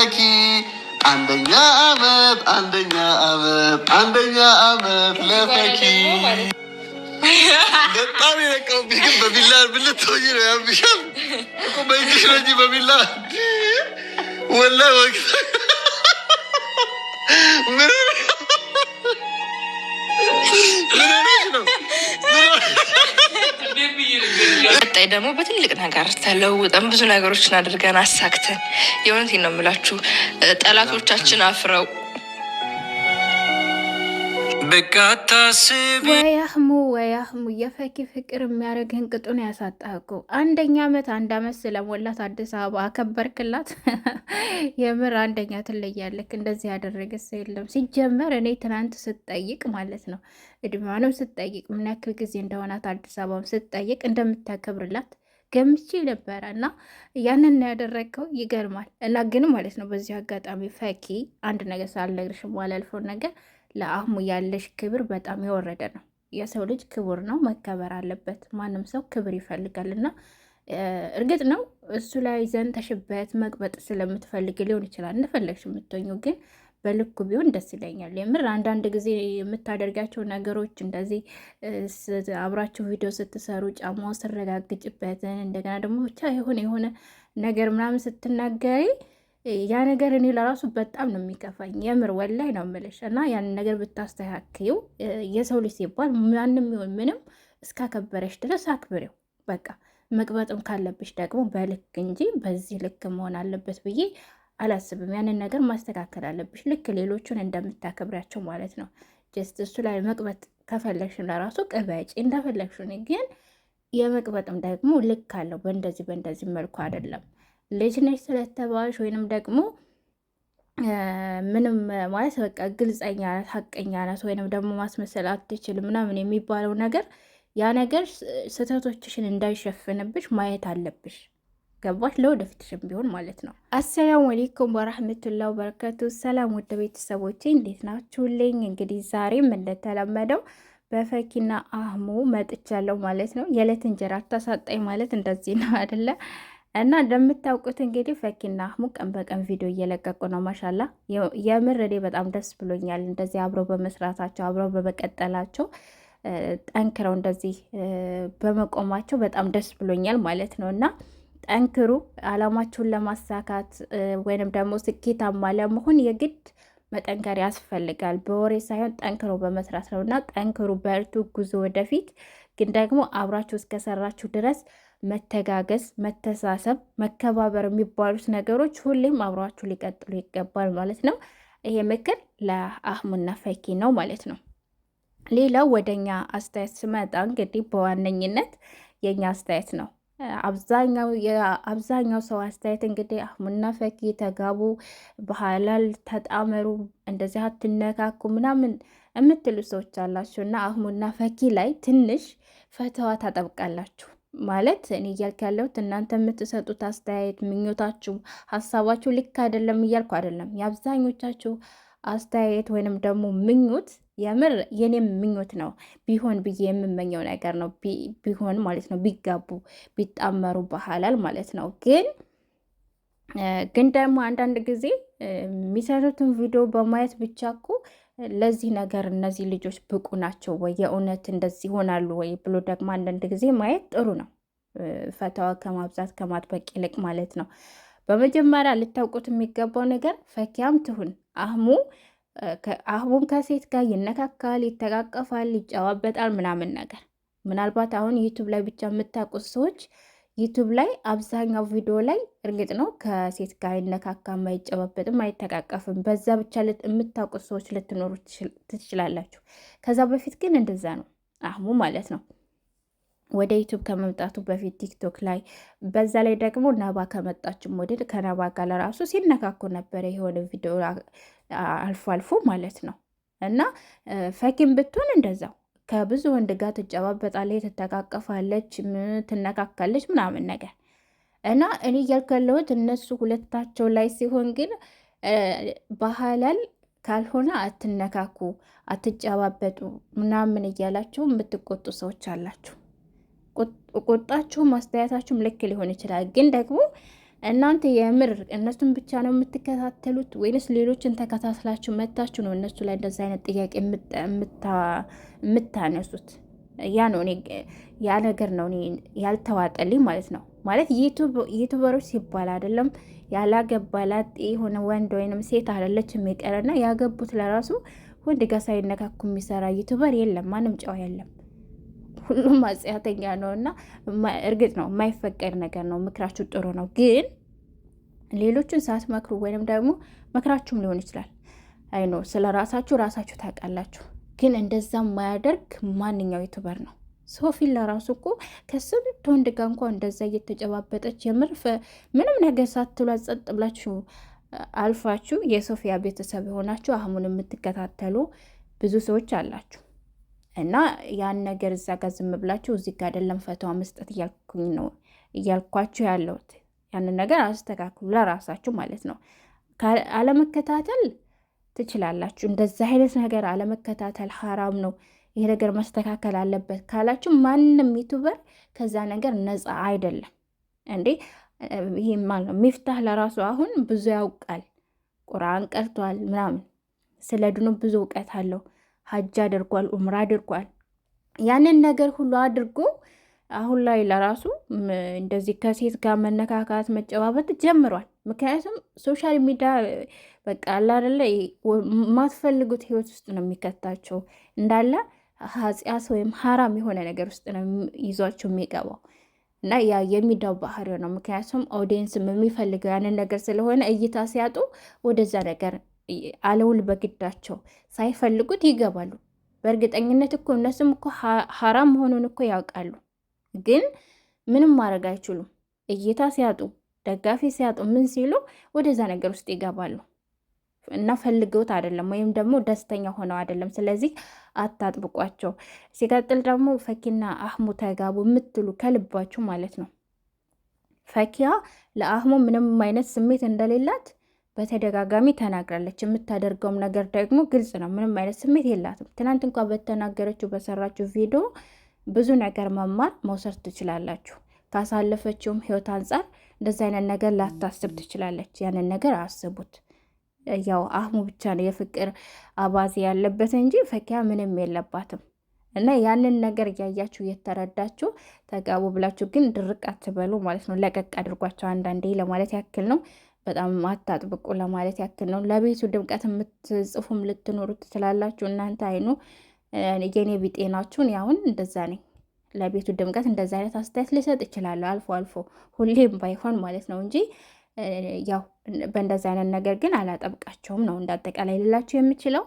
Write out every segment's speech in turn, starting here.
አንደኛ አመት አንደኛ አመት አንደኛ አመት ለፈኪ በጣም የነቀው ቢግን በቢላ ብልት ነው ያምሻል በእጅሽ ነው እንጂ በቢላ ወላ ወቅት ምንም ላይ ደግሞ በትልቅ ነገር ተለውጠን ብዙ ነገሮችን አድርገን አሳክተን የእውነት ነው የምላችሁ ጠላቶቻችን አፍረው ወያህሙ ወያህሙ የፈኪ ፍቅር የሚያደርግህን ቅጡን ያሳጣህ አንደኛ ዓመት አንድ አመት ስለሞላት አዲስ አበባ አከበርክላት። የምር አንደኛ ትለያለክ። እንደዚህ ያደረገ ሰው የለም። ሲጀመር እኔ ትናንት ስጠይቅ ማለት ነው እድሜዋንም ስጠይቅ ምን ያክል ጊዜ እንደሆናት አዲስ አበባም ስጠይቅ እንደምታከብርላት ገምቼ ነበረ እና ያንን ያደረግከው ይገርማል። እና ግን ማለት ነው በዚህ አጋጣሚ ፈኪ አንድ ነገር ሳልነግርሽ የማላልፈውን ነገር ለአህሙ ያለሽ ክብር በጣም የወረደ ነው። የሰው ልጅ ክቡር ነው፣ መከበር አለበት። ማንም ሰው ክብር ይፈልጋል እና እርግጥ ነው እሱ ላይ ዘንተሽበት መቅበጥ ስለምትፈልግ ሊሆን ይችላል እንደፈለግሽ የምትኙ ግን በልኩ ቢሆን ደስ ይለኛል። የምር አንዳንድ ጊዜ የምታደርጋቸው ነገሮች እንደዚህ አብራችሁ ቪዲዮ ስትሰሩ ጫማው ስረጋግጭበትን እንደገና ደግሞ ብቻ የሆነ የሆነ ነገር ምናምን ስትናገሪ ያ ነገር እኔ ለራሱ በጣም ነው የሚከፋኝ። የምር ወላይ ነው የምልሽ። እና ያንን ነገር ብታስተካክዩ የሰው ልጅ ሲባል ማንም ይሆን ምንም እስካከበረሽ ድረስ አክብሬው በቃ መቅበጥም ካለብሽ ደግሞ በልክ እንጂ በዚህ ልክ መሆን አለበት ብዬ አላስብም። ያንን ነገር ማስተካከል አለብሽ፣ ልክ ሌሎቹን እንደምታከብሪያቸው ማለት ነው። ጀስት እሱ ላይ መቅበጥ ከፈለግሽ ለራሱ ቅበጭ እንደፈለግሽን፣ ግን የመቅበጥም ደግሞ ልክ አለው። በእንደዚህ በእንደዚህ መልኩ አይደለም ልጅ ነሽ ስለተባልሽ ወይንም ደግሞ ምንም ማለት በቃ ግልጸኛ ናት፣ ሀቀኛ ናት ወይንም ደግሞ ማስመሰል አትችልም ምናምን የሚባለው ነገር ያ ነገር ስህተቶችሽን እንዳይሸፍንብሽ ማየት አለብሽ። ገባሽ? ለወደፊትሽም ቢሆን ማለት ነው። አሰላሙ አሌይኩም ወራህመቱላ በረከቱ። ሰላም ወደ ቤተሰቦቼ እንዴት ናችሁልኝ? እንግዲህ ዛሬም እንደተለመደው በፈኪና አህሙ መጥቻለሁ ማለት ነው። የዕለት እንጀራ አታሳጣኝ ማለት እንደዚህ ነው አደለ? እና እንደምታውቁት እንግዲህ ፈኪና አህሙ ቀን በቀን ቪዲዮ እየለቀቁ ነው። ማሻላ የምር እኔ በጣም ደስ ብሎኛል። እንደዚህ አብረው በመስራታቸው አብረው በመቀጠላቸው ጠንክረው እንደዚህ በመቆማቸው በጣም ደስ ብሎኛል ማለት ነው እና ጠንክሩ። አላማችሁን ለማሳካት ወይንም ደግሞ ስኬታማ ለመሆን የግድ መጠንከር ያስፈልጋል። በወሬ ሳይሆን ጠንክሮ በመስራት ነው እና ጠንክሩ፣ በእርቱ ጉዞ ወደፊት። ግን ደግሞ አብራችሁ እስከሰራችሁ ድረስ መተጋገዝ፣ መተሳሰብ፣ መከባበር የሚባሉት ነገሮች ሁሌም አብሯችሁ ሊቀጥሉ ይገባል ማለት ነው። ይሄ ምክር ለአህሙና ፈኪ ነው ማለት ነው። ሌላው ወደኛ አስተያየት ስመጣ እንግዲህ በዋነኝነት የኛ አስተያየት ነው። አብዛኛው ሰው አስተያየት እንግዲህ አህሙና ፈኪ ተጋቡ፣ በሐላል ተጣመሩ፣ እንደዚህ አትነካኩ ምናምን የምትሉ ሰዎች አላችሁ እና አህሙና ፈኪ ላይ ትንሽ ፈተዋ ታጠብቃላችሁ። ማለት እኔ እያልክ ያለሁት እናንተ የምትሰጡት አስተያየት፣ ምኞታችሁ፣ ሀሳባችሁ ልክ አይደለም እያልኩ አይደለም። የአብዛኞቻችሁ አስተያየት ወይንም ደግሞ ምኞት የምር የኔም ምኞት ነው ቢሆን ብዬ የምመኘው ነገር ነው ቢሆን ማለት ነው። ቢጋቡ ቢጣመሩ ባህላል ማለት ነው። ግን ግን ደግሞ አንዳንድ ጊዜ የሚሰሩትን ቪዲዮ በማየት ብቻ እኮ ለዚህ ነገር እነዚህ ልጆች ብቁ ናቸው ወይ የእውነት እንደዚህ ይሆናሉ ወይ ብሎ ደግሞ አንዳንድ ጊዜ ማየት ጥሩ ነው። ፈተዋ ከማብዛት ከማጥበቅ ይልቅ ማለት ነው። በመጀመሪያ ልታውቁት የሚገባው ነገር ፈኪያም ትሁን አህሙ አህሙም ከሴት ጋር ይነካካል፣ ይተቃቀፋል፣ ይጨዋበጣል ምናምን ነገር ምናልባት አሁን ዩቱብ ላይ ብቻ የምታውቁት ሰዎች ዩቱብ ላይ አብዛኛው ቪዲዮ ላይ እርግጥ ነው ከሴት ጋር አይነካካም፣ አይጨባበጥም፣ አይተቃቀፍም። በዛ ብቻ የምታውቁት ሰዎች ልትኖሩ ትችላላችሁ። ከዛ በፊት ግን እንደዛ ነው አህሙ ማለት ነው ወደ ዩቱብ ከመምጣቱ በፊት ቲክቶክ ላይ በዛ ላይ ደግሞ ነባ ከመጣችም ወዲህ ከነባ ጋር ለራሱ ሲነካኩ ነበረ የሆነ ቪዲዮ አልፎ አልፎ ማለት ነው እና ፈኪም ብትሆን እንደዛው ከብዙ ወንድ ጋር ትጨባበጣለች፣ ትተቃቀፋለች፣ ትነካካለች ምናምን ነገር እና እኔ እያልኩ ያለሁት እነሱ ሁለታቸው ላይ ሲሆን ግን ባህላል ካልሆነ አትነካኩ፣ አትጨባበጡ ምናምን እያላችሁ የምትቆጡ ሰዎች አላችሁ። ቁጣችሁም አስተያየታችሁም ልክ ሊሆን ይችላል ግን ደግሞ እናንተ የምር እነሱን ብቻ ነው የምትከታተሉት ወይንስ ሌሎችን ተከታትላችሁ መታችሁ ነው እነሱ ላይ እንደዚ አይነት ጥያቄ የምታነሱት? ያ ነው እኔ ያ ነገር ነው እኔ ያልተዋጠልኝ ማለት ነው። ማለት ዩቱበሮች ሲባል አይደለም ያላገባ ላጤ የሆነ ወንድ ወይንም ሴት አይደለች የሚቀረና ያገቡት ለራሱ ወንድ ጋር ሳይነካኩ የሚሰራ ዩቱበር የለም። ማንም ጨዋ የለም። ሁሉም አጽያተኛ ነው እና እርግጥ ነው የማይፈቀድ ነገር ነው። ምክራችሁ ጥሩ ነው፣ ግን ሌሎችን ሳትመክሩ ወይንም ደግሞ መክራችሁም ሊሆን ይችላል ነው ስለ ራሳችሁ ራሳችሁ ታውቃላችሁ። ግን እንደዛ የማያደርግ ማንኛው ዩቱበር ነው። ሶፊን ለራሱ እኮ ከስንት ወንድ ጋር እንኳ እንደዛ እየተጨባበጠች የምር ምንም ነገር ሳትሏት ጸጥ ብላችሁ አልፋችሁ የሶፊያ ቤተሰብ የሆናችሁ አህሙን የምትከታተሉ ብዙ ሰዎች አላችሁ። እና ያን ነገር እዛ ጋር ዝም ብላችሁ እዚህ ጋር አይደለም ፈተዋ መስጠት እያልኩኝ ነው እያልኳችሁ ያለሁት። ያንን ነገር አስተካክሉ ለራሳችሁ ማለት ነው። አለመከታተል ትችላላችሁ። እንደዛ አይነት ነገር አለመከታተል ሀራም ነው። ይሄ ነገር መስተካከል አለበት ካላችሁ ማንም ዩቱበር ከዛ ነገር ነፃ አይደለም። እንዴ ነው ሚፍታህ ለራሱ አሁን ብዙ ያውቃል፣ ቁርአን ቀርቷል ምናምን ስለ ድኑ ብዙ እውቀት አለው ሀጅ አድርጓል፣ ኡምራ አድርጓል። ያንን ነገር ሁሉ አድርጎ አሁን ላይ ለራሱ እንደዚህ ከሴት ጋር መነካካት መጨባበጥ ጀምሯል። ምክንያቱም ሶሻል ሚዲያ በቃ አላደለ የማትፈልጉት ህይወት ውስጥ ነው የሚከታቸው እንዳለ ኃጢአት ወይም ሀራም የሆነ ነገር ውስጥ ነው ይዟቸው የሚገባው እና ያ የሚዳው ባህሪ ነው። ምክንያቱም ኦዲየንስም የሚፈልገው ያንን ነገር ስለሆነ እይታ ሲያጡ ወደዛ ነገር አለውል በግዳቸው ሳይፈልጉት ይገባሉ። በእርግጠኝነት እኮ እነሱም እኮ ሀራም መሆኑን እኮ ያውቃሉ፣ ግን ምንም ማድረግ አይችሉም። እይታ ሲያጡ፣ ደጋፊ ሲያጡ፣ ምን ሲሉ ወደዛ ነገር ውስጥ ይገባሉ እና ፈልገውት አይደለም ወይም ደግሞ ደስተኛ ሆነው አይደለም። ስለዚህ አታጥብቋቸው። ሲቀጥል ደግሞ ፈኪና አህሙ ተጋቡ የምትሉ ከልባችሁ ማለት ነው። ፈኪያ ለአህሙ ምንም አይነት ስሜት እንደሌላት በተደጋጋሚ ተናግራለች። የምታደርገውም ነገር ደግሞ ግልጽ ነው። ምንም አይነት ስሜት የላትም። ትናንት እንኳ በተናገረችው በሰራችው ቪዲዮ ብዙ ነገር መማር መውሰድ ትችላላችሁ። ካሳለፈችውም ህይወት አንጻር እንደዚ አይነት ነገር ላታስብ ትችላለች። ያንን ነገር አስቡት። ያው አህሙ ብቻ ነው የፍቅር አባዜ ያለበት እንጂ ፈኪያ ምንም የለባትም። እና ያንን ነገር እያያችሁ እየተረዳችሁ ተጋቡ ብላችሁ ግን ድርቅ አትበሉ ማለት ነው። ለቀቅ አድርጓቸው አንዳንዴ ለማለት ያክል ነው። በጣም አታጥብቁ ለማለት ያክል ነው። ለቤቱ ድምቀት የምትጽፉም ልትኖሩ ትችላላችሁ። እናንተ አይኑ የኔ ቢጤናችሁን ያሁን እንደዛ ነኝ። ለቤቱ ድምቀት እንደዛ አይነት አስተያየት ልሰጥ እችላለሁ፣ አልፎ አልፎ፣ ሁሌም ባይሆን ማለት ነው እንጂ ያው በእንደዛ አይነት ነገር ግን አላጠብቃቸውም ነው እንዳጠቃላይ ልላችሁ የምችለው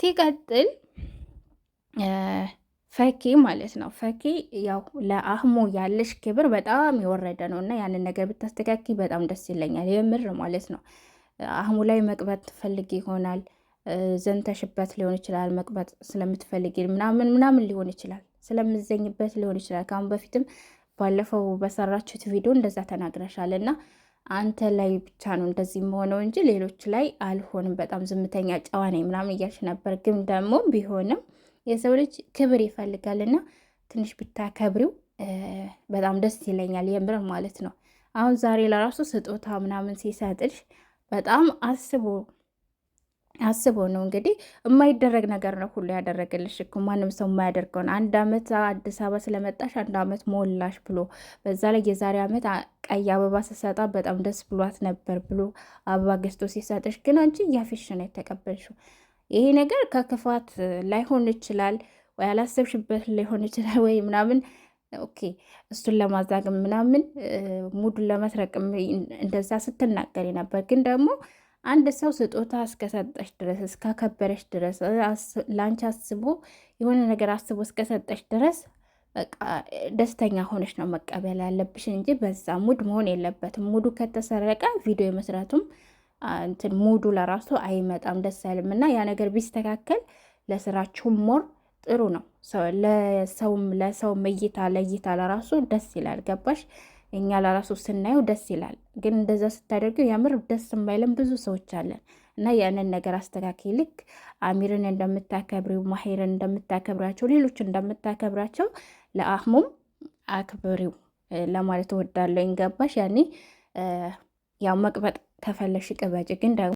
ሲቀጥል ፈኪ ማለት ነው። ፈኪ ያው ለአህሙ ያለሽ ክብር በጣም የወረደ ነው እና ያንን ነገር ብታስተካኪ በጣም ደስ ይለኛል። የምር ማለት ነው። አህሙ ላይ መቅበጥ ትፈልግ ይሆናል ዘንተሽበት ሊሆን ይችላል። መቅበጥ ስለምትፈልግ ምናምን ምናምን ሊሆን ይችላል። ስለምዘኝበት ሊሆን ይችላል። ከአሁን በፊትም ባለፈው በሰራችሁት ቪዲዮ እንደዛ ተናግረሻል እና አንተ ላይ ብቻ ነው እንደዚህ መሆነው እንጂ ሌሎች ላይ አልሆንም፣ በጣም ዝምተኛ ጨዋ ነኝ ምናምን እያልሽ ነበር። ግን ደግሞ ቢሆንም የሰው ልጅ ክብር ይፈልጋል ይፈልጋልና ትንሽ ብታከብሪው በጣም ደስ ይለኛል፣ የምር ማለት ነው። አሁን ዛሬ ለራሱ ስጦታ ምናምን ሲሰጥሽ በጣም አስቦ አስቦ ነው እንግዲህ። የማይደረግ ነገር ነው ሁሉ ያደረገልሽ እኮ ማንም ሰው የማያደርገውን። አንድ አመት አዲስ አበባ ስለመጣሽ አንድ አመት ሞላሽ ብሎ በዛ ላይ የዛሬ አመት ቀይ አበባ ስሰጣ በጣም ደስ ብሏት ነበር ብሎ አበባ ገዝቶ ሲሰጥሽ ግን አንቺ እያፊሽ ነው የተቀበልሽው። ይሄ ነገር ከክፋት ላይሆን ይችላል ወይ አላሰብሽበት ላይሆን ይችላል ወይ ምናምን ኦኬ እሱን ለማዛግም ምናምን ሙዱን ለመስረቅ እንደዛ ስትናገሪ ነበር። ግን ደግሞ አንድ ሰው ስጦታ እስከሰጠሽ ድረስ እስካከበረሽ ድረስ ለአንቺ አስቦ የሆነ ነገር አስቦ እስከሰጠሽ ድረስ በቃ ደስተኛ ሆነች ነው መቀበል ያለብሽ እንጂ በዛ ሙድ መሆን የለበትም። ሙዱ ከተሰረቀ ቪዲዮ የመስራቱም እንትን ሙዱ ለራሱ አይመጣም፣ ደስ አይልም። እና ያ ነገር ቢስተካከል ለስራችሁም ሞር ጥሩ ነው። ለሰውም ለሰውም እይታ ለእይታ ለራሱ ደስ ይላል። ገባሽ? እኛ ለራሱ ስናየው ደስ ይላል፣ ግን እንደዛ ስታደርገው የምር ደስ የማይለም ብዙ ሰዎች አለን። እና ያንን ነገር አስተካክል። ልክ አሚርን እንደምታከብሪው ማሄርን እንደምታከብራቸው ሌሎች እንደምታከብራቸው ለአህሙም አክብሪው ለማለት እወዳለሁ። ገባሽ? ያኔ ያው መቅበጥ ተፈለሽ ቅበጭ ግን ደግሞ